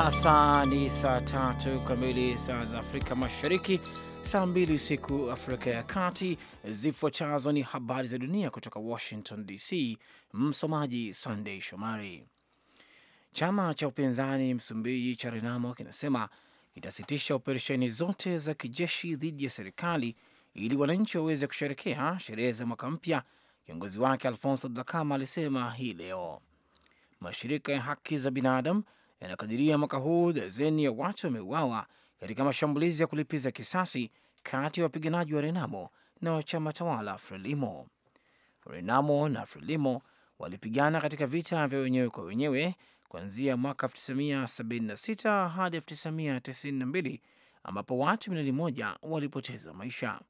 Sasa ni saa tatu kamili saa za Afrika Mashariki, saa mbili usiku Afrika ya Kati. Zifuatazo ni habari za dunia kutoka Washington DC. Msomaji Sandei Shomari. Chama cha upinzani Msumbiji cha Renamo kinasema kitasitisha operesheni zote za kijeshi dhidi ya serikali ili wananchi waweze kusherekea sherehe za mwaka mpya. Kiongozi wake Alfonso dlakama alisema hii leo mashirika ya haki za binadamu yanakadiria mwaka huu dazeni ya watu wameuawa katika mashambulizi ya kulipiza kisasi kati ya wapiganaji wa Renamo na wachama tawala Frelimo. Renamo na Frelimo walipigana katika vita vya wenyewe kwa wenyewe kuanzia mwaka 1976 hadi 1992 ambapo watu milioni moja walipoteza maisha.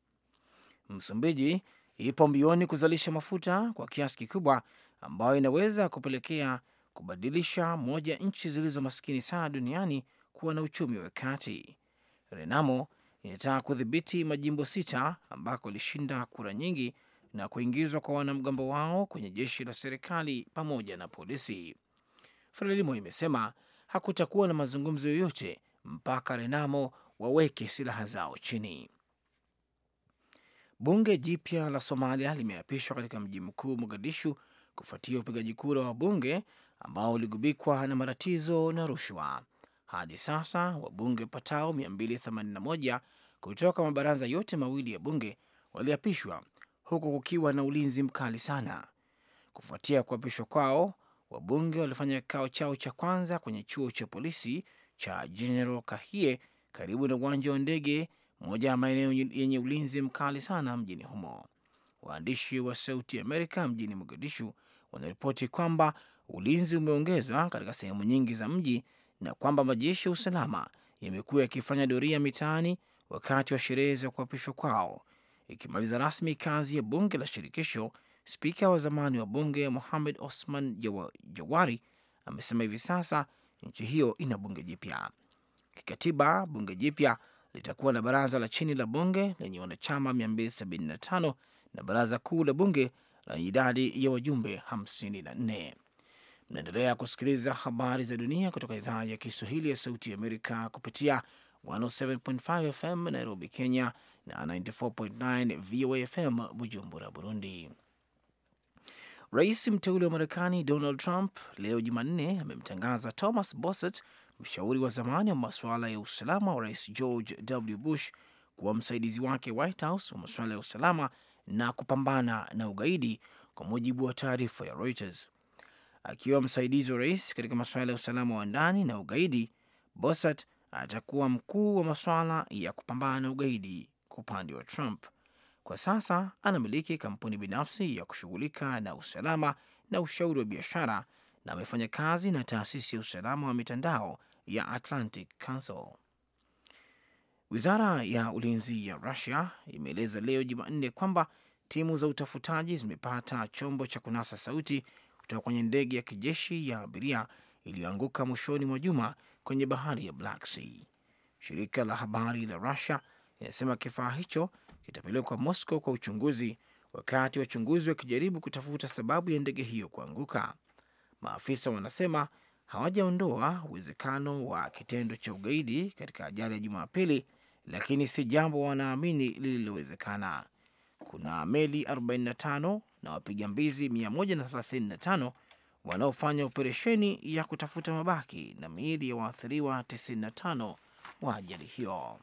Msumbiji ipo mbioni kuzalisha mafuta kwa kiasi kikubwa ambayo inaweza kupelekea kubadilisha moja ya nchi zilizo maskini sana duniani kuwa na uchumi wa kati. Renamo inataka kudhibiti majimbo sita ambako ilishinda kura nyingi na kuingizwa kwa wanamgambo wao kwenye jeshi la serikali pamoja na polisi. Frelimo imesema hakutakuwa na mazungumzo yoyote mpaka Renamo waweke silaha zao chini. Bunge jipya la Somalia limeapishwa katika mji mkuu Mogadishu kufuatia upigaji kura wa bunge ambao uligubikwa na matatizo na rushwa. Hadi sasa wabunge wapatao 281 kutoka mabaraza yote mawili ya bunge waliapishwa huku kukiwa na ulinzi mkali sana. Kufuatia kuapishwa kwao, wabunge walifanya kikao chao cha kwanza kwenye chuo cha polisi cha General Kahie karibu na uwanja wa ndege, moja ya maeneo yenye ulinzi mkali sana mjini humo. Waandishi wa Sauti Amerika mjini Mogadishu wanaripoti kwamba ulinzi umeongezwa katika sehemu nyingi za mji na kwamba majeshi ya usalama yamekuwa yakifanya doria mitaani wakati wa sherehe za kuapishwa kwao, ikimaliza rasmi kazi ya bunge la shirikisho. Spika wa zamani wa bunge Mohamed Osman Jawari amesema hivi sasa nchi hiyo ina bunge jipya. Kikatiba, bunge jipya litakuwa na baraza la chini la bunge lenye wanachama 275 na baraza kuu la bunge lenye idadi ya wajumbe 54. Mnaendelea kusikiliza habari za dunia kutoka idhaa ya Kiswahili ya Sauti ya Amerika kupitia 107.5 FM Nairobi, Kenya na 94.9 VOA FM Bujumbura, Burundi. Rais mteule wa Marekani Donald Trump leo Jumanne amemtangaza Thomas Bossett, mshauri wa zamani wa masuala ya usalama wa Rais George W. Bush, kuwa msaidizi wake White House wa masuala ya usalama na kupambana na ugaidi, kwa mujibu wa taarifa ya Reuters. Akiwa msaidizi wa rais katika masuala ya usalama wa ndani na ugaidi, bosat atakuwa mkuu wa masuala ya kupambana na ugaidi kwa upande wa Trump. Kwa sasa anamiliki kampuni binafsi ya kushughulika na usalama na ushauri wa biashara na amefanya kazi na taasisi ya usalama wa mitandao ya Atlantic Council. Wizara ya ulinzi ya Rusia imeeleza leo Jumanne kwamba timu za utafutaji zimepata chombo cha kunasa sauti kutoka kwenye ndege ya kijeshi ya abiria iliyoanguka mwishoni mwa juma kwenye bahari ya Black Sea. Shirika la habari la Rusia linasema kifaa hicho kitapelekwa Moscow kwa uchunguzi, wakati wachunguzi wakijaribu kutafuta sababu ya ndege hiyo kuanguka. Maafisa wanasema hawajaondoa uwezekano wa kitendo cha ugaidi katika ajali ya Jumapili, lakini si jambo wanaamini lililowezekana. Kuna meli 45 na wapiga mbizi 135 wanaofanya operesheni ya kutafuta mabaki na miili ya waathiriwa 95 wa ajali hiyo.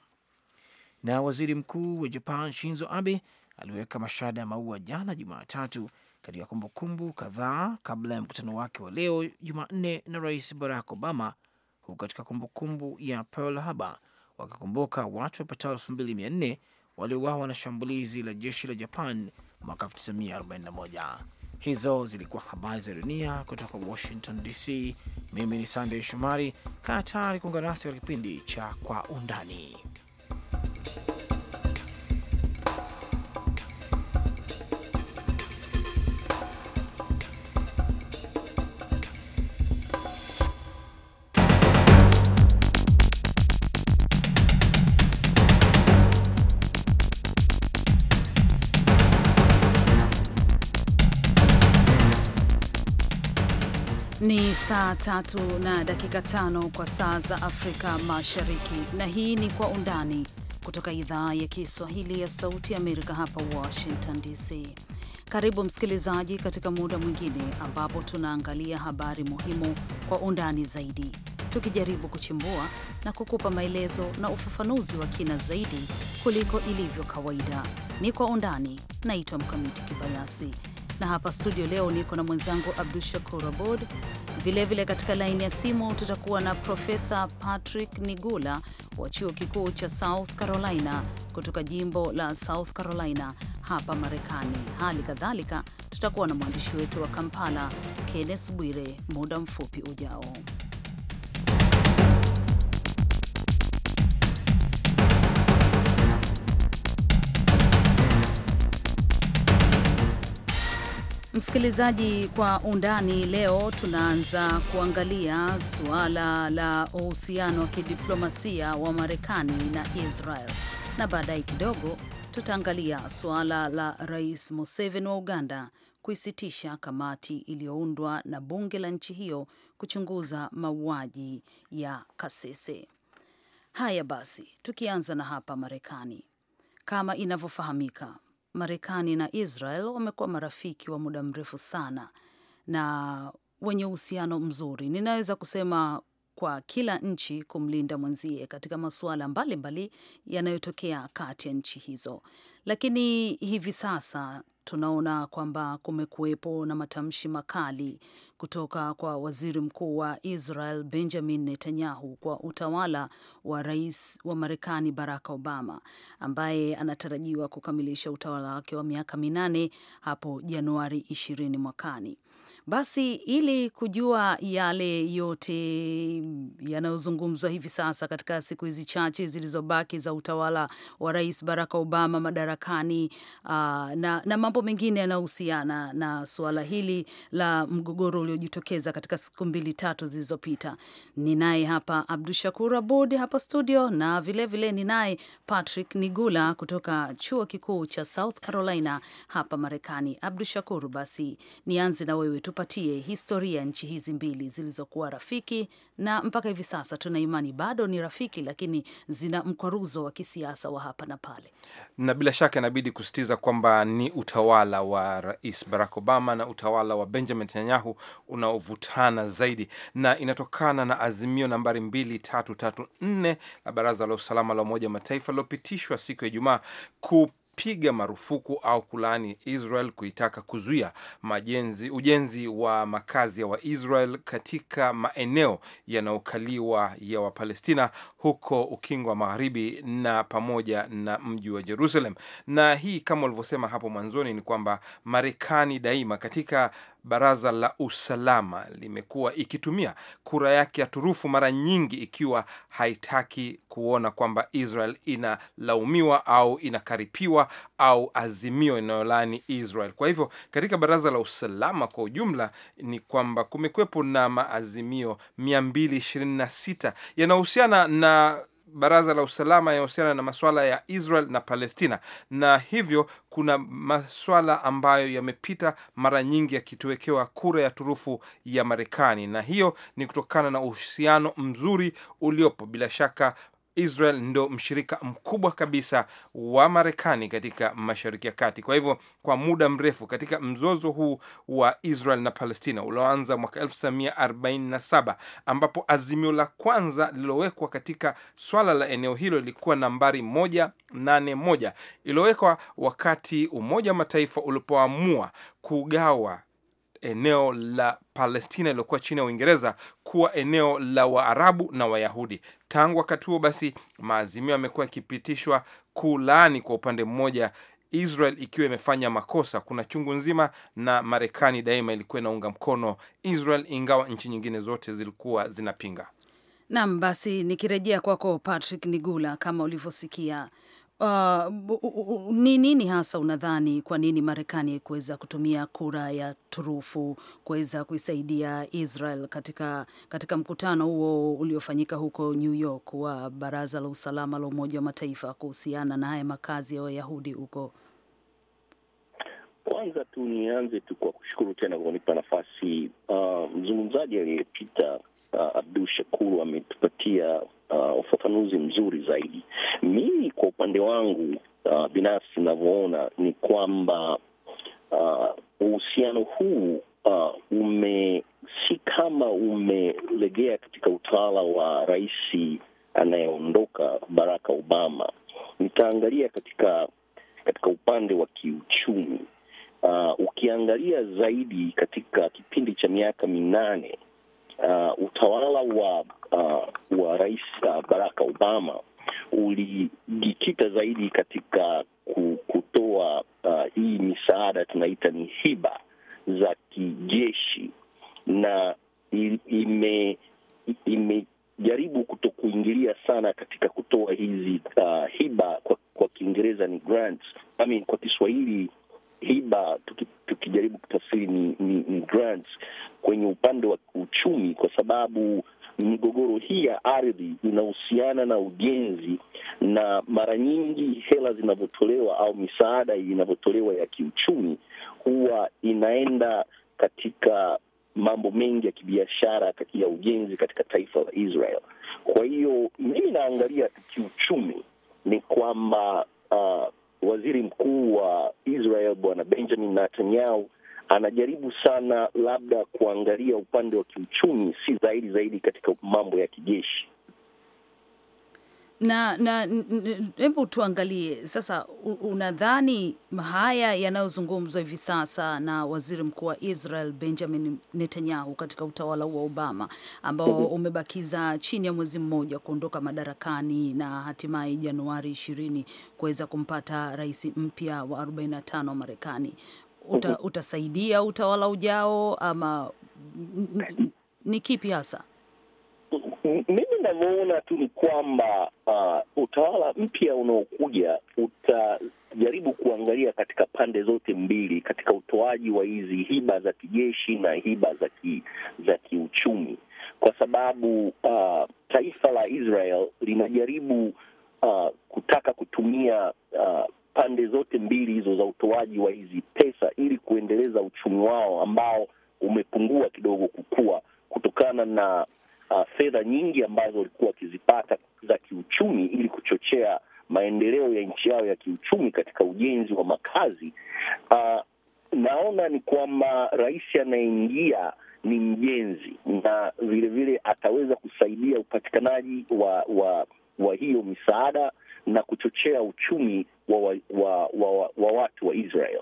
Na waziri mkuu wa Japan Shinzo Abe aliweka mashada ya maua jana Jumatatu katika kumbukumbu kadhaa kabla ya mkutano wake wa leo Jumanne na Rais Barack Obama, huku katika kumbukumbu ya Pearl Harbor wakikumbuka watu wapatao elfu mbili mia nne waliowawa na shambulizi la jeshi la Japan mwaka 1941. Hizo zilikuwa habari za dunia kutoka Washington DC. Mimi ni Sandey Shomari. Kaa tayari kuungana nasi kwa kipindi cha Kwa Undani. saa tatu na dakika tano kwa saa za Afrika Mashariki, na hii ni Kwa Undani kutoka idhaa ya Kiswahili ya Sauti Amerika hapa Washington DC. Karibu msikilizaji, katika muda mwingine ambapo tunaangalia habari muhimu kwa undani zaidi, tukijaribu kuchimbua na kukupa maelezo na ufafanuzi wa kina zaidi kuliko ilivyo kawaida. Ni Kwa Undani. Naitwa Mkamiti Kibayasi na hapa studio leo niko na mwenzangu Abdu Shakur Abod Vilevile vile katika laini ya simu tutakuwa na Profesa Patrick Nigula wa chuo kikuu cha South Carolina kutoka jimbo la South Carolina hapa Marekani. Hali kadhalika tutakuwa na mwandishi wetu wa Kampala Kenneth Bwire muda mfupi ujao. Msikilizaji, kwa undani leo tunaanza kuangalia suala la uhusiano wa kidiplomasia wa Marekani na Israel, na baadaye kidogo tutaangalia suala la Rais Museveni wa Uganda kuisitisha kamati iliyoundwa na bunge la nchi hiyo kuchunguza mauaji ya Kasese. Haya basi, tukianza na hapa Marekani, kama inavyofahamika Marekani na Israel wamekuwa marafiki wa muda mrefu sana na wenye uhusiano mzuri. Ninaweza kusema kwa kila nchi kumlinda mwenzie katika masuala mbalimbali yanayotokea kati ya nchi hizo, lakini hivi sasa tunaona kwamba kumekuwepo na matamshi makali kutoka kwa waziri mkuu wa Israel Benjamin Netanyahu kwa utawala wa rais wa Marekani Barack Obama ambaye anatarajiwa kukamilisha utawala wake wa miaka minane hapo Januari ishirini mwakani. Basi ili kujua yale yote yanayozungumzwa hivi sasa katika siku hizi chache zilizobaki za utawala wa Rais Barack Obama madarakani, uh, na, na mambo mengine yanayohusiana na suala hili la mgogoro uliojitokeza katika siku mbili tatu zilizopita, ninaye hapa Abdu Shakur Abud hapa studio, na vilevile ninaye Patrick Nigula kutoka chuo kikuu cha South Carolina hapa Marekani. Abdu Shakur, basi nianze na wewe tupatie historia ya nchi hizi mbili zilizokuwa rafiki na mpaka hivi sasa tuna imani bado ni rafiki, lakini zina mkwaruzo wa kisiasa wa hapa na pale. Na bila shaka inabidi kusisitiza kwamba ni utawala wa Rais Barack Obama na utawala wa Benjamin Netanyahu unaovutana zaidi, na inatokana na azimio nambari 2334 la Baraza la Usalama la Umoja wa Mataifa lilopitishwa siku ya Ijumaa ku kupiga marufuku au kulaani Israel kuitaka kuzuia majenzi, ujenzi wa makazi ya Waisrael katika maeneo yanayokaliwa ya Wapalestina huko ukingo wa magharibi na pamoja na mji wa Jerusalem. Na hii kama ulivyosema hapo mwanzoni ni kwamba Marekani daima katika Baraza la Usalama limekuwa ikitumia kura yake ya turufu mara nyingi, ikiwa haitaki kuona kwamba Israel inalaumiwa au inakaripiwa au azimio inayolani Israel. Kwa hivyo katika Baraza la Usalama kwa ujumla ni kwamba kumekwepo na maazimio 226 yanahusiana na baraza la usalama yanahusiana na maswala ya Israel na Palestina, na hivyo kuna maswala ambayo yamepita mara nyingi yakituwekewa kura ya turufu ya Marekani, na hiyo ni kutokana na uhusiano mzuri uliopo. Bila shaka Israel ndo mshirika mkubwa kabisa wa Marekani katika Mashariki ya Kati. Kwa hivyo, kwa muda mrefu katika mzozo huu wa Israel na Palestina ulioanza mwaka 1947 ambapo azimio la kwanza lililowekwa katika swala la eneo hilo lilikuwa nambari 181 iliyowekwa wakati Umoja wa Mataifa ulipoamua kugawa eneo la Palestina iliyokuwa chini ya Uingereza kuwa eneo la Waarabu na Wayahudi. Tangu wakati huo basi, maazimio yamekuwa yakipitishwa kulaani kwa upande mmoja Israel ikiwa imefanya makosa. Kuna chungu nzima, na Marekani daima ilikuwa inaunga mkono Israel, ingawa nchi nyingine zote zilikuwa zinapinga. Naam, basi nikirejea kwako Patrick Nigula, kama ulivyosikia Uh, ni nini hasa unadhani, kwa nini Marekani kuweza kutumia kura ya turufu kuweza kuisaidia Israel katika, katika mkutano huo uliofanyika huko New York wa Baraza la Usalama la Umoja wa Mataifa kuhusiana na haya makazi ya Wayahudi huko? Kwanza tu nianze tu kwa kushukuru tena kwa kunipa nafasi. Uh, mzungumzaji aliyepita uh, Abdul Shakur ametupatia uh, ufafanuzi mzuri zaidi. Mimi kwa upande wangu uh, binafsi ninavyoona ni kwamba uh, uhusiano huu uh, ume si kama umelegea katika utawala wa rais anayeondoka Barack Obama. Nitaangalia katika katika upande wa kiuchumi. Uh, ukiangalia zaidi katika kipindi cha miaka minane uh, utawala wa uh, wa Rais uh, Barack Obama ulijikita zaidi katika kutoa uh, hii misaada tunaita ni hiba za kijeshi, na ime imejaribu kuto kuingilia sana katika kutoa hizi uh, hiba kwa, kwa Kiingereza ni grants I mean, kwa Kiswahili hiba tukijaribu kutafsiri ni, ni, ni grants kwenye upande wa uchumi, kwa sababu migogoro hii ya ardhi inahusiana na ujenzi, na mara nyingi hela zinavyotolewa au misaada inavyotolewa ya kiuchumi huwa inaenda katika mambo mengi ya kibiashara ya ujenzi katika taifa la Israel. Kwa hiyo mimi naangalia kiuchumi ni kwamba uh, waziri mkuu wa Israel bwana Benjamin Netanyahu anajaribu sana labda kuangalia upande wa kiuchumi, si zaidi zaidi katika mambo ya kijeshi na na hebu tuangalie sasa, unadhani haya yanayozungumzwa hivi sasa na waziri mkuu wa Israel Benjamin Netanyahu katika utawala wa Obama ambao mhm. umebakiza chini ya mwezi mmoja kuondoka madarakani na hatimaye Januari ishirini kuweza kumpata rais mpya wa 45 wa Marekani uta, mhm. utasaidia utawala ujao ama ni kipi hasa? mimi ninavyoona tu ni kwamba uh, utawala mpya unaokuja utajaribu kuangalia katika pande zote mbili, katika utoaji wa hizi hiba za kijeshi na hiba za ki, za kiuchumi, kwa sababu uh, taifa la Israel linajaribu uh, kutaka kutumia uh, pande zote mbili hizo za utoaji wa hizi pesa ili kuendeleza uchumi wao ambao umepungua kidogo kukua kutokana na uh, fedha nyingi ambazo walikuwa wakizipata za kiuchumi ili kuchochea maendeleo ya nchi yao ya kiuchumi katika ujenzi wa makazi. Uh, naona ni kwamba rais anayeingia ni mjenzi na vilevile ataweza kusaidia upatikanaji wa wa wa hiyo misaada na kuchochea uchumi wa, wa, wa, wa, wa watu wa Israel.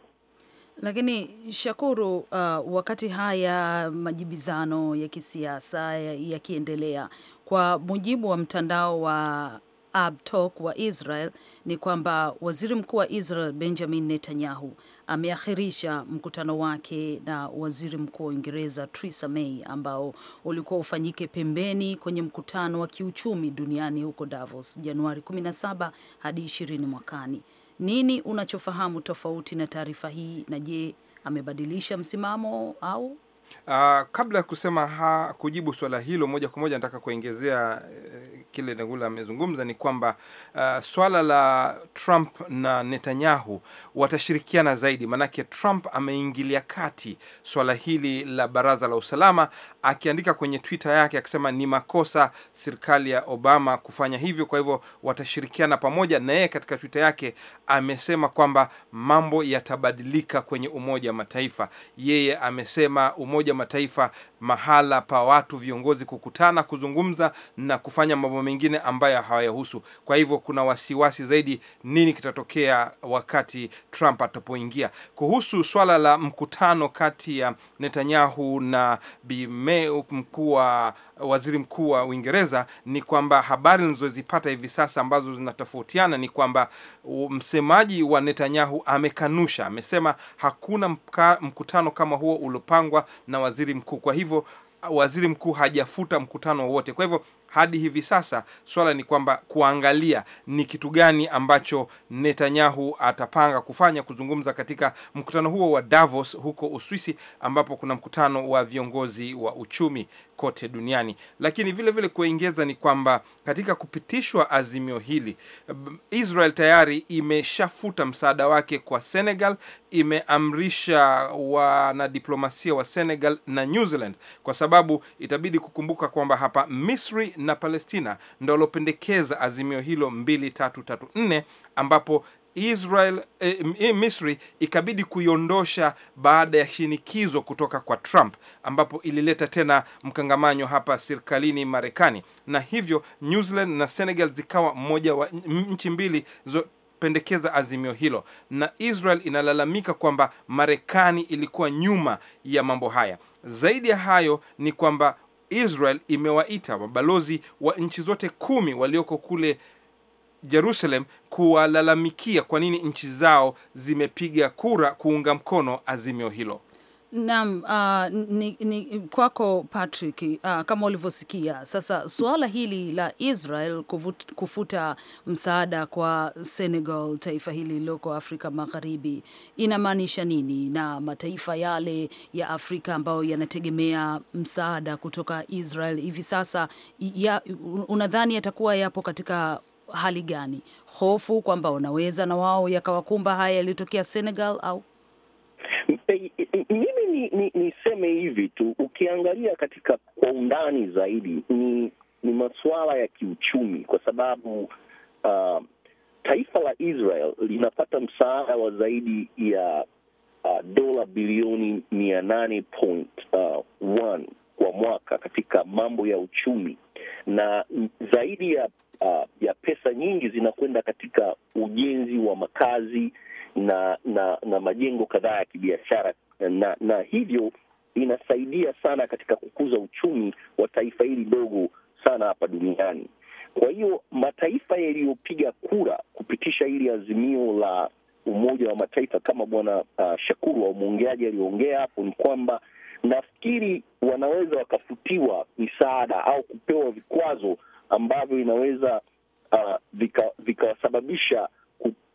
Lakini Shakuru, uh, wakati haya majibizano ya kisiasa yakiendelea, kwa mujibu wa mtandao wa Abtok wa Israel ni kwamba waziri mkuu wa Israel Benjamin Netanyahu ameakhirisha mkutano wake na waziri mkuu wa Uingereza Theresa May ambao ulikuwa ufanyike pembeni kwenye mkutano wa kiuchumi duniani huko Davos Januari 17 hadi 20 mwakani. Nini unachofahamu tofauti na taarifa hii, na je, amebadilisha msimamo au Uh, kabla ya kusema ha, kujibu swala hilo moja kwa moja nataka kuongezea uh, eh, kile Nagula amezungumza ni kwamba uh, swala la Trump na Netanyahu watashirikiana zaidi, maanake Trump ameingilia kati swala hili la baraza la usalama, akiandika kwenye Twitter yake akisema ni makosa serikali ya Obama kufanya hivyo, kwa hivyo watashirikiana pamoja. Na yeye katika Twitter yake amesema kwamba mambo yatabadilika kwenye Umoja wa Mataifa. Yeye amesema umoja Umoja wa Mataifa mahala pa watu viongozi kukutana, kuzungumza na kufanya mambo mengine ambayo hawayahusu. Kwa hivyo kuna wasiwasi zaidi nini kitatokea wakati Trump atapoingia. Kuhusu swala la mkutano kati ya Netanyahu na mkuu wa waziri mkuu wa Uingereza ni kwamba habari nilizozipata hivi sasa ambazo zinatofautiana ni kwamba msemaji wa Netanyahu amekanusha, amesema hakuna mka, mkutano kama huo uliopangwa na waziri mkuu. Kwa hivyo waziri mkuu hajafuta mkutano wowote. Kwa hivyo hadi hivi sasa swala ni kwamba kuangalia ni kitu gani ambacho Netanyahu atapanga kufanya kuzungumza katika mkutano huo wa Davos huko Uswisi, ambapo kuna mkutano wa viongozi wa uchumi kote duniani. Lakini vile vile kuongeza ni kwamba katika kupitishwa azimio hili, Israel tayari imeshafuta msaada wake kwa Senegal, imeamrisha wanadiplomasia wa Senegal na New Zealand, kwa sababu itabidi kukumbuka kwamba hapa Misri na Palestina ndo waliopendekeza azimio hilo 2334 ambapo Israel eh, Misri ikabidi kuiondosha baada ya shinikizo kutoka kwa Trump, ambapo ilileta tena mkangamanyo hapa serikalini Marekani, na hivyo New Zealand na Senegal zikawa mmoja wa nchi mbili zo pendekeza azimio hilo, na Israel inalalamika kwamba Marekani ilikuwa nyuma ya mambo haya. Zaidi ya hayo ni kwamba Israel imewaita mabalozi wa nchi zote kumi walioko kule Jerusalem kuwalalamikia kwa nini nchi zao zimepiga kura kuunga mkono azimio hilo. Naam, uh, ni, ni kwako Patrick. Uh, kama ulivyosikia sasa, suala hili la Israel kufut, kufuta msaada kwa Senegal, taifa hili lililoko Afrika Magharibi, inamaanisha nini na mataifa yale ya Afrika ambayo yanategemea msaada kutoka Israel hivi sasa ya, unadhani yatakuwa yapo katika hali gani? Hofu kwamba wanaweza na wao yakawakumba haya yaliyotokea Senegal au Eh, mimi ni, niseme ni hivi tu, ukiangalia katika kwa undani zaidi ni ni masuala ya kiuchumi, kwa sababu uh, taifa la Israel linapata msaada wa zaidi ya uh, dola bilioni mia nane point uh, one kwa mwaka katika mambo ya uchumi na zaidi ya uh, ya pesa nyingi zinakwenda katika ujenzi wa makazi na na na majengo kadhaa ya kibiashara na, na hivyo inasaidia sana katika kukuza uchumi wa taifa hili dogo sana hapa duniani. Kwa hiyo mataifa yaliyopiga kura kupitisha hili azimio la Umoja wa Mataifa kama bwana uh, Shakuru wa mwongeaji aliyoongea hapo, ni kwamba nafikiri wanaweza wakafutiwa misaada au kupewa vikwazo ambavyo inaweza uh, vikawasababisha vika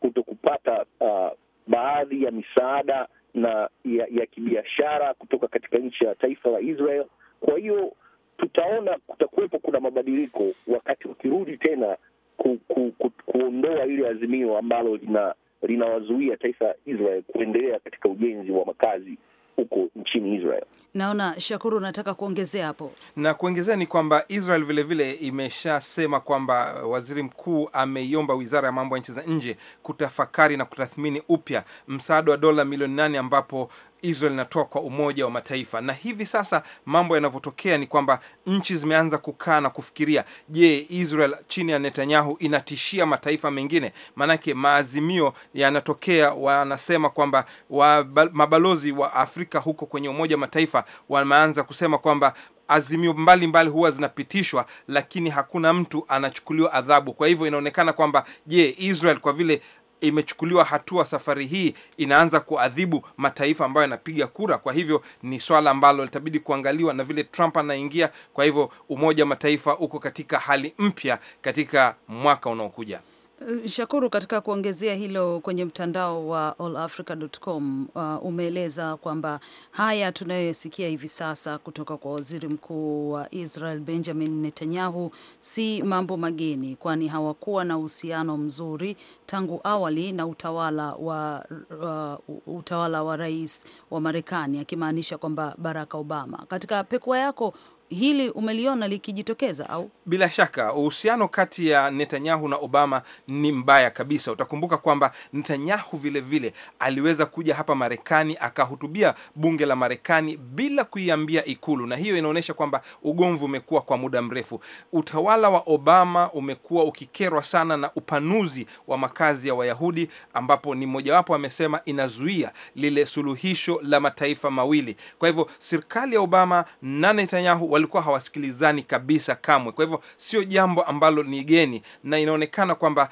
kuto kupata uh, baadhi ya misaada na ya, ya kibiashara kutoka katika nchi ya taifa la Israel. Kwa hiyo tutaona kutakuwepo kuna mabadiliko wakati wakirudi tena ku, ku, ku, kuondoa ile azimio ambalo lina linawazuia taifa la Israel kuendelea katika ujenzi wa makazi huko nchini Israel. Naona Shakuru unataka kuongezea hapo, na kuongezea ni kwamba Israel vilevile imeshasema kwamba waziri mkuu ameiomba wizara ya mambo ya nchi za nje kutafakari na kutathmini upya msaada wa dola milioni nane ambapo Israel inatoa kwa Umoja wa Mataifa. Na hivi sasa mambo yanavyotokea ni kwamba nchi zimeanza kukaa na kufikiria, je, Israel chini ya Netanyahu inatishia mataifa mengine? Maanake maazimio yanatokea, wanasema kwamba wa, mabalozi wa Afrika huko kwenye Umoja wa Mataifa wameanza kusema kwamba azimio mbalimbali mbali huwa zinapitishwa, lakini hakuna mtu anachukuliwa adhabu. Kwa hivyo inaonekana kwamba je, Israel kwa vile imechukuliwa hatua safari hii inaanza kuadhibu mataifa ambayo yanapiga kura. Kwa hivyo ni swala ambalo litabidi kuangaliwa, na vile Trump anaingia. Kwa hivyo Umoja wa Mataifa uko katika hali mpya katika mwaka unaokuja. Shakuru, katika kuongezea hilo kwenye mtandao wa allafrica.com uh, umeeleza kwamba haya tunayoyasikia hivi sasa kutoka kwa waziri mkuu wa Israel Benjamin Netanyahu si mambo mageni, kwani hawakuwa na uhusiano mzuri tangu awali na utawala wa, uh, utawala wa rais wa Marekani, akimaanisha kwamba Barack Obama. Katika pekua yako hili umeliona likijitokeza au? Bila shaka uhusiano kati ya Netanyahu na Obama ni mbaya kabisa. Utakumbuka kwamba Netanyahu vile vile aliweza kuja hapa Marekani akahutubia bunge la Marekani bila kuiambia Ikulu, na hiyo inaonyesha kwamba ugomvi umekuwa kwa muda mrefu. Utawala wa Obama umekuwa ukikerwa sana na upanuzi wa makazi ya Wayahudi, ambapo ni mojawapo amesema inazuia lile suluhisho la mataifa mawili. Kwa hivyo serikali ya Obama na Netanyahu walikuwa hawasikilizani kabisa kamwe. Kwa hivyo sio jambo ambalo ni geni, na inaonekana kwamba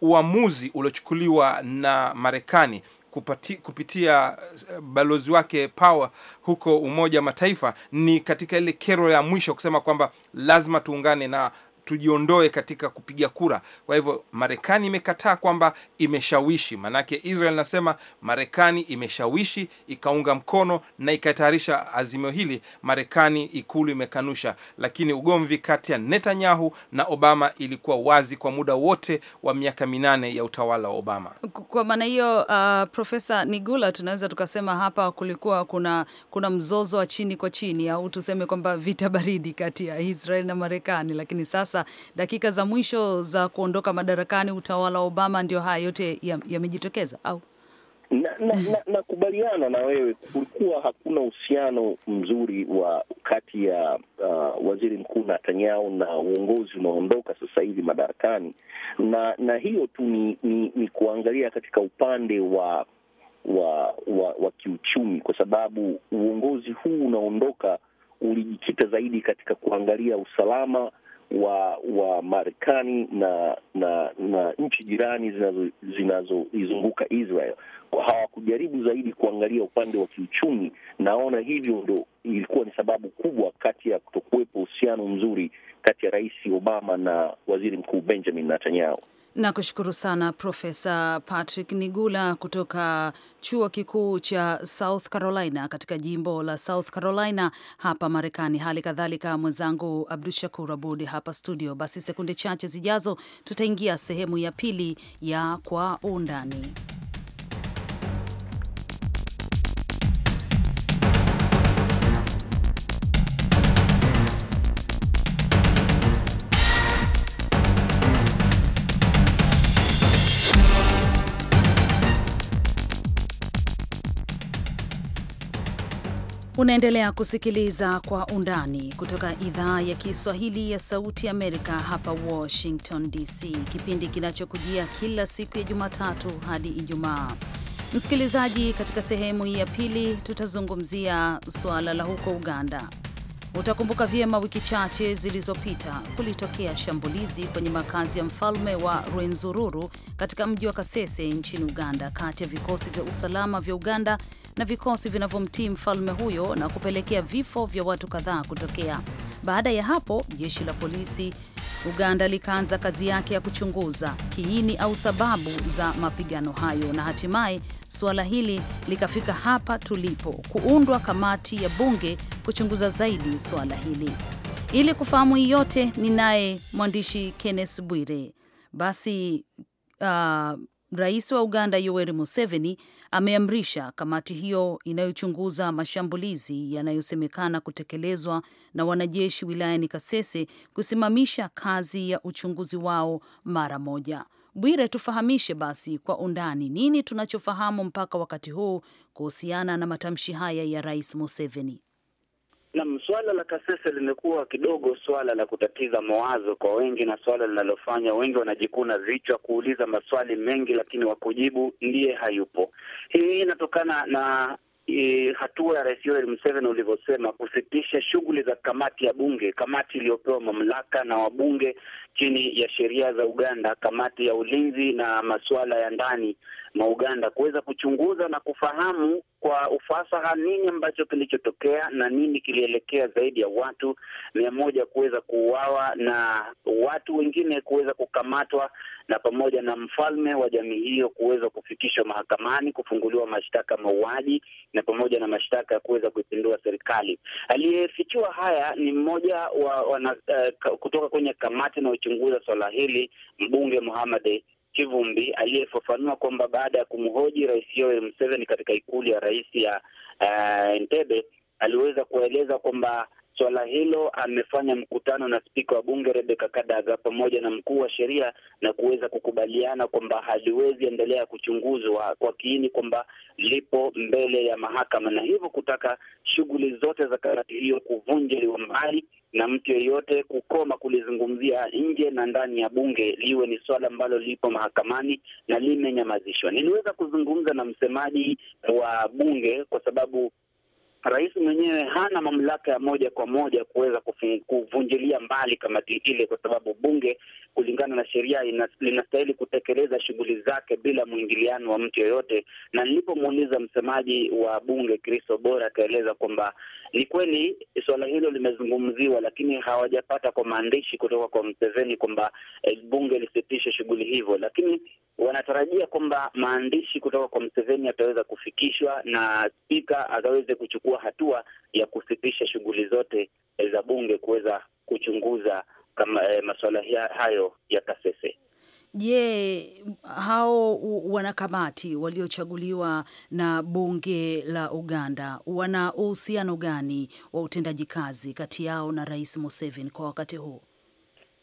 uamuzi uliochukuliwa na Marekani kupati, kupitia eh, balozi wake Power huko Umoja wa Mataifa ni katika ile kero ya mwisho kusema kwamba lazima tuungane na tujiondoe katika kupiga kura. Kwa hivyo Marekani imekataa kwamba imeshawishi, maanake Israel nasema Marekani imeshawishi ikaunga mkono na ikatayarisha azimio hili. Marekani ikulu imekanusha, lakini ugomvi kati ya Netanyahu na Obama ilikuwa wazi kwa muda wote wa miaka minane ya utawala wa Obama. Kwa maana hiyo, uh, Profesa Nigula, tunaweza tukasema hapa kulikuwa kuna, kuna mzozo wa chini kwa chini au tuseme kwamba vita baridi kati ya Israel na Marekani, lakini sasa sasa dakika za mwisho za kuondoka madarakani utawala wa Obama, ndio haya yote yamejitokeza ya au nakubaliana na, na, na wewe, kulikuwa hakuna uhusiano mzuri wa kati ya uh, waziri mkuu Netanyahu na uongozi unaoondoka sasa hivi madarakani, na na hiyo tu ni, ni, ni kuangalia katika upande wa wa, wa wa kiuchumi, kwa sababu uongozi huu unaondoka ulijikita zaidi katika kuangalia usalama wa wa Marekani na na na nchi jirani zinazoizunguka zinazo Israel hawakujaribu zaidi kuangalia upande wa kiuchumi. Naona hivyo ndo ilikuwa ni sababu kubwa kati ya kutokuwepo uhusiano mzuri kati ya Rais Obama na Waziri Mkuu Benjamin Netanyahu. Nakushukuru sana Profesa Patrick Nigula kutoka chuo kikuu cha South Carolina katika jimbo la South Carolina hapa Marekani. Hali kadhalika mwenzangu Abdu Shakur Abud hapa studio. Basi sekunde chache zijazo, tutaingia sehemu ya pili ya Kwa Undani. Unaendelea kusikiliza Kwa Undani kutoka idhaa ya Kiswahili ya Sauti Amerika hapa Washington DC, kipindi kinachokujia kila siku ya Jumatatu hadi Ijumaa. Msikilizaji, katika sehemu hii ya pili tutazungumzia suala la huko Uganda Utakumbuka vyema wiki chache zilizopita kulitokea shambulizi kwenye makazi ya mfalme wa Rwenzururu katika mji wa Kasese nchini Uganda kati ya vikosi vya usalama vya Uganda na vikosi vinavyomtii mfalme huyo na kupelekea vifo vya watu kadhaa kutokea. Baada ya hapo, jeshi la polisi Uganda likaanza kazi yake ya kuchunguza kiini au sababu za mapigano hayo na hatimaye suala hili likafika hapa tulipo, kuundwa kamati ya bunge kuchunguza zaidi suala hili. Ili kufahamu hii yote, ni naye mwandishi Kenneth Bwire. Basi uh, Rais wa Uganda Yoweri Museveni ameamrisha kamati hiyo inayochunguza mashambulizi yanayosemekana kutekelezwa na wanajeshi wilayani Kasese kusimamisha kazi ya uchunguzi wao mara moja. Bwire, tufahamishe basi kwa undani nini tunachofahamu mpaka wakati huu kuhusiana na matamshi haya ya Rais Museveni. Nam, suala la Kasese limekuwa kidogo suala la kutatiza mawazo kwa wengi, na suala linalofanya wengi wanajikuna vichwa kuuliza maswali mengi, lakini wakujibu ndiye hayupo. Hii inatokana na e, hatua ya Rais Yoweri Museveni ulivyosema, kusitisha shughuli za kamati ya bunge, kamati iliyopewa mamlaka na wabunge chini ya sheria za Uganda, kamati ya ulinzi na masuala ya ndani na Uganda kuweza kuchunguza na kufahamu kwa ufasaha nini ambacho kilichotokea na nini kilielekea zaidi ya watu mia moja kuweza kuuawa na watu wengine kuweza kukamatwa na pamoja na mfalme wa jamii hiyo kuweza kufikishwa mahakamani kufunguliwa mashtaka mauaji na pamoja na mashtaka ya kuweza kuipindua serikali. Aliyefichua haya ni mmoja wa, wa na, uh, eh, kutoka kwenye kamati inayochunguza swala hili, mbunge Muhammad Chivumbi aliyefafanua kwamba baada ya kumhoji Rais Yoweri Museveni katika ikulu ya rais ya uh, Entebbe aliweza kueleza kwamba Swala hilo amefanya mkutano na spika wa bunge Rebeka Kadaga pamoja na mkuu wa sheria na kuweza kukubaliana kwamba haliwezi endelea kuchunguzwa kwa kiini kwamba lipo mbele ya mahakama, na hivyo kutaka shughuli zote za kamati hiyo kuvunjiliwa mbali na mtu yeyote kukoma kulizungumzia nje na ndani ya bunge, liwe ni swala ambalo lipo mahakamani na limenyamazishwa. Niliweza kuzungumza na msemaji wa bunge kwa sababu rais mwenyewe hana mamlaka ya moja kwa moja kuweza kuvunjilia mbali kamati ile, kwa sababu bunge kulingana na sheria linastahili kutekeleza shughuli zake bila mwingiliano wa mtu yoyote. Na nilipomuuliza msemaji wa bunge kristo bora akaeleza kwamba ni kweli suala hilo limezungumziwa, lakini hawajapata kwa maandishi kutoka kwa Mseveni kwamba eh, bunge lisitishe shughuli hivyo, lakini wanatarajia kwamba maandishi kutoka kwa Mseveni yataweza kufikishwa na spika akaweze kuchukua hatua ya kusitisha shughuli zote eh, za bunge kuweza kuchunguza kama e, masuala hayo ya Kasese. Je, hao wanakamati waliochaguliwa na bunge la Uganda wana uhusiano gani wa utendaji kazi kati yao na Rais Museveni kwa wakati huu?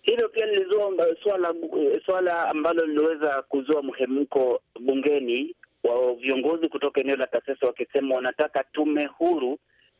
Hilo pia lilizua eh, swala eh, swala ambalo liliweza kuzua mhemko bungeni wa viongozi kutoka eneo la Kasese wakisema wanataka tume huru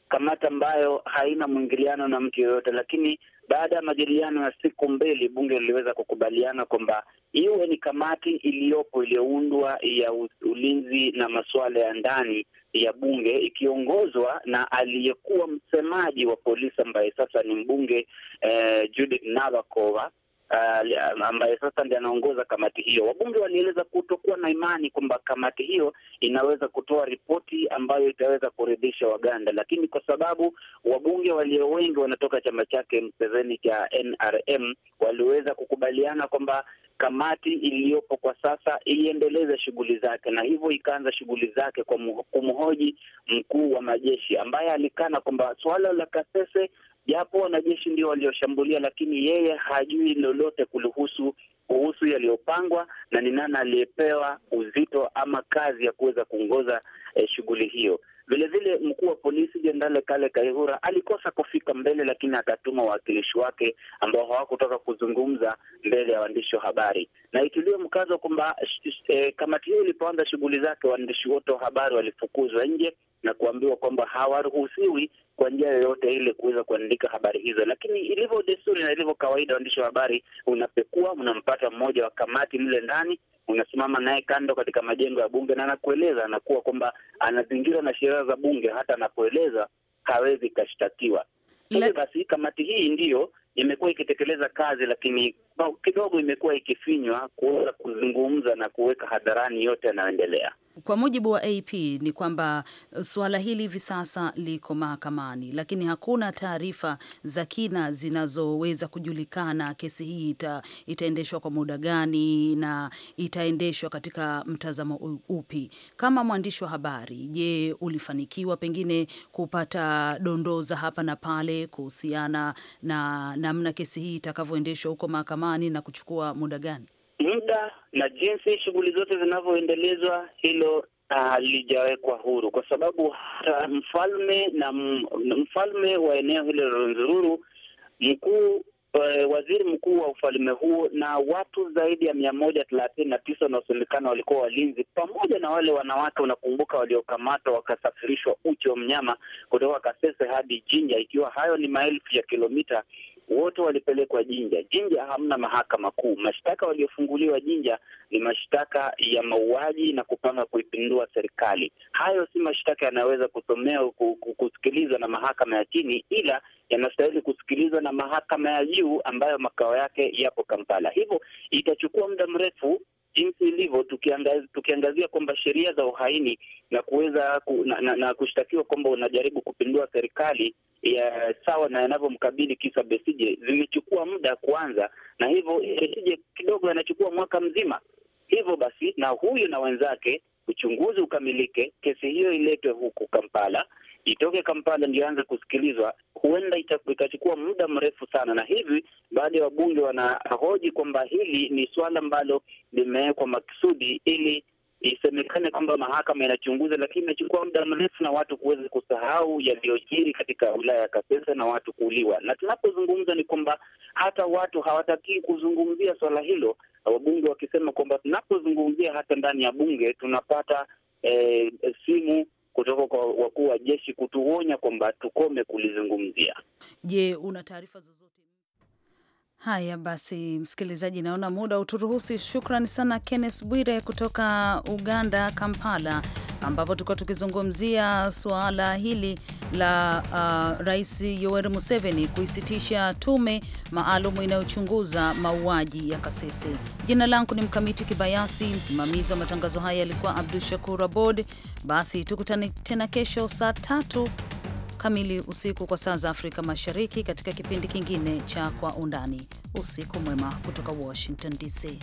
kamati ambayo haina mwingiliano na mtu yoyote. Lakini baada ya majadiliano ya siku mbili, bunge liliweza kukubaliana kwamba iwe ni kamati iliyopo iliyoundwa ya ulinzi na masuala ya ndani ya bunge ikiongozwa na aliyekuwa msemaji wa polisi ambaye sasa ni mbunge eh, Judith Navakova uh, ambaye sasa ndiye anaongoza kamati hiyo. Wabunge walieleza kutokuwa na imani kwamba kamati hiyo inaweza kutoa ripoti ambayo itaweza kuridhisha Waganda, lakini kwa sababu wabunge walio wengi wanatoka chama chake Mseveni cha NRM waliweza kukubaliana kwamba kamati iliyopo kwa sasa iendeleze shughuli zake, na hivyo ikaanza shughuli zake kwa kumhoji mkuu wa majeshi ambaye alikana kwamba suala la Kasese japo wanajeshi ndio walioshambulia, lakini yeye hajui lolote kuluhusu kuhusu yaliyopangwa na ni nani aliyepewa uzito ama kazi ya kuweza kuongoza eh, shughuli hiyo. Vilevile mkuu wa polisi Jenerali Kale Kaihura alikosa kufika mbele, lakini akatuma wawakilishi wake ambao hawakutaka kuzungumza mbele ya waandishi wa habari, na ituliwe mkazo kwamba eh, kamati hiyo ilipoanza shughuli zake, waandishi wote wa habari walifukuzwa nje na kuambiwa kwamba hawaruhusiwi kwa njia yoyote ile kuweza kuandika habari hizo. Lakini ilivyo desturi na ilivyo kawaida, waandishi wa habari, unapekua, unampata mmoja wa kamati mle ndani unasimama naye kando katika majengo ya bunge na anakueleza, anakuwa kwamba anazingirwa na sheria za bunge, hata anapoeleza hawezi ikashtakiwa. Hivyo basi kamati hii ndiyo imekuwa ikitekeleza kazi, lakini kidogo imekuwa ikifinywa kuweza kuzungumza na kuweka hadharani yote yanayoendelea. Kwa mujibu wa AP ni kwamba uh, suala hili hivi sasa liko mahakamani, lakini hakuna taarifa za kina zinazoweza kujulikana. Kesi hii ita, itaendeshwa kwa muda gani na itaendeshwa katika mtazamo upi? Kama mwandishi wa habari, je, ulifanikiwa pengine kupata dondoo za hapa na pale kuhusiana na namna kesi hii itakavyoendeshwa huko mahakamani? zamani na kuchukua muda gani? Muda na jinsi shughuli zote zinavyoendelezwa, hilo ah, halijawekwa uh, huru, kwa sababu uh, mfalme na mfalme wa eneo hilo la Rwenzururu, mkuu uh, waziri mkuu wa ufalme huo na watu zaidi ya mia moja thelathini na tisa wanaosemekana walikuwa walinzi, pamoja na wale wanawake, unakumbuka, waliokamatwa wakasafirishwa uchi wa mnyama kutoka Kasese hadi Jinja, ikiwa hayo ni maelfu ya kilomita wote walipelekwa Jinja. Jinja hamna mahakama kuu. Mashtaka waliofunguliwa Jinja ni mashtaka ya mauaji na kupanga kuipindua serikali. Hayo si mashtaka yanayoweza kusomewa kusikilizwa na mahakama ya chini, ila yanastahili kusikilizwa na mahakama ya juu ambayo makao yake yapo Kampala. Hivyo itachukua muda mrefu jinsi ilivyo, tukiangazia, tukiangazia kwamba sheria za uhaini na kuweza ku, na, na, na kushtakiwa kwamba unajaribu kupindua serikali ya sawa na yanavyomkabili kisa Besije zimechukua muda kuanza, na hivyo Besije kidogo yanachukua mwaka mzima. Hivyo basi, na huyu na wenzake uchunguzi ukamilike, kesi hiyo iletwe huku Kampala itoke Kampala ndio anze kusikilizwa, huenda itachukua muda mrefu sana, na hivi baadhi ya wabunge wanahoji kwamba hili ni suala ambalo limewekwa makusudi ili isemekane kwamba mahakama inachunguza, lakini imechukua muda mrefu na watu kuweza kusahau yaliyojiri katika wilaya ya Kasese na watu kuuliwa. Na tunapozungumza ni kwamba hata watu hawatakii kuzungumzia swala hilo, wabunge wakisema kwamba tunapozungumzia hata ndani ya bunge tunapata e, simu kutoka kwa wakuu wa jeshi kutuonya kwamba tukome kulizungumzia. Je, una taarifa zozote? Haya basi, msikilizaji, naona muda uturuhusi. Shukrani sana Kenneth Bwire kutoka Uganda, Kampala, ambapo tulikuwa tukizungumzia suala hili la uh, Rais Yoweri Museveni kuisitisha tume maalum inayochunguza mauaji ya Kasese. Jina langu ni Mkamiti Kibayasi, msimamizi wa matangazo haya alikuwa Abdu Shakur Abod. Basi tukutane tena kesho saa tatu kamili usiku kwa saa za Afrika Mashariki, katika kipindi kingine cha Kwa Undani. Usiku mwema kutoka Washington DC.